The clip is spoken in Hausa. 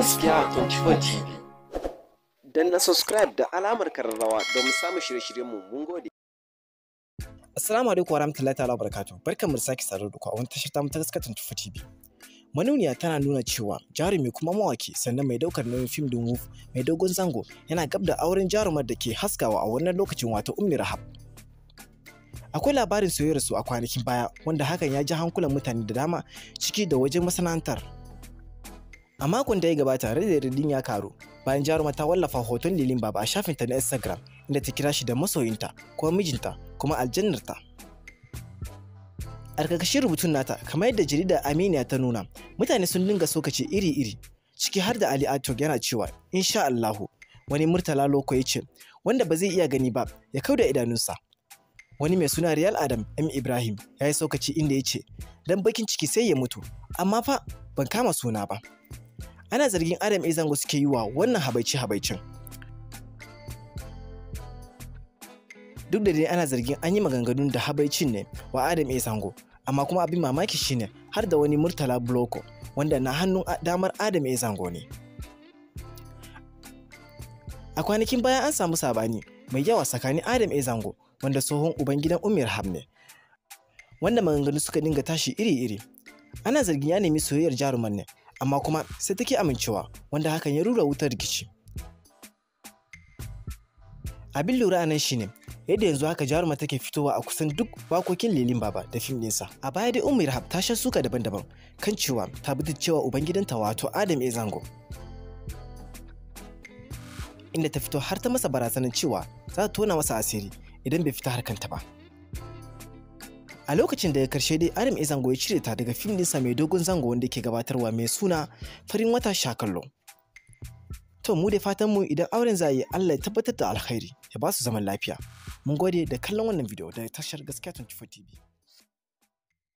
gaskiya TV. Dan na subscribe da alamar kararrawa don samun shirye-shiryenmu mun gode. Assalamu alaikum warahmatullahi ta'ala barakatuh. Barkan mu saki sake da ku a wani tashar ta gaskiya 24 TV. Manuniya tana nuna cewa jarumi kuma mawaki sannan mai daukar nauyin fim din Wolf mai dogon zango yana gab da auren jarumar da ke haskawa a wannan lokacin wato Ummi Rahab. akwai labarin soyayyarsu a kwanakin baya wanda hakan ya ji hankulan mutane da dama ciki da wajen masana'antar A makon da ya gabata, rai da ya karu bayan jaruma ta wallafa hoton Lilin Baba a shafinta na Instagram inda ta kira shi da masoyinta, kuma mijinta, kuma aljannarta. A karkashin rubutun nata, kamar yadda jarida Aminiya ta nuna, mutane sun dinga saukaci iri-iri, ciki har da Ali ato yana cewa, insha Allahu, wani Murtala Loko ya ce, wanda ba zai iya gani ba, ya kauda idanunsa. Wani mai suna Real Adam M. Ibrahim ya yi sokaci inda ya ce, dan bakin ciki sai ya mutu, amma fa ban kama suna ba. ana zargin adam a zango suke yi wa wannan habaici habaicin duk da dai ana zargin an yi maganganun da habaicin ne wa adam a zango amma kuma abin mamaki shine har da wani murtala bloko wanda na hannun damar adam a zango ne a kwanakin baya an samu sabani mai yawa tsakanin adam a zango wanda tsohon ubangidan Ham ne wanda maganganu suka dinga tashi iri-iri ana zargin ya nemi soyayyar jaruman ne amma kuma sai take amincewa wanda hakan ya rura wutar rikici abin lura a nan shine yadda yanzu haka jaruma take fitowa a kusan duk wakokin lilin baba da fim ɗinsa a baya dai Umar ta sha suka daban-daban kan cewa ta bi cewa ubangidanta wato adam e zango inda ta fito har ta masa barazanar cewa za ta tona masa asiri idan bai fita harkanta ba a lokacin da daga karshe dai arim zango ya cire ta daga fim dinsa mai dogon zango wanda ke gabatarwa mai suna farin wata shakallo to mu da fatan mu idan auren za yi Allah ya tabbatar da alkhairi ya ba su zaman lafiya mun gode da kallon wannan bidiyo da tashar gaskiya 24 TV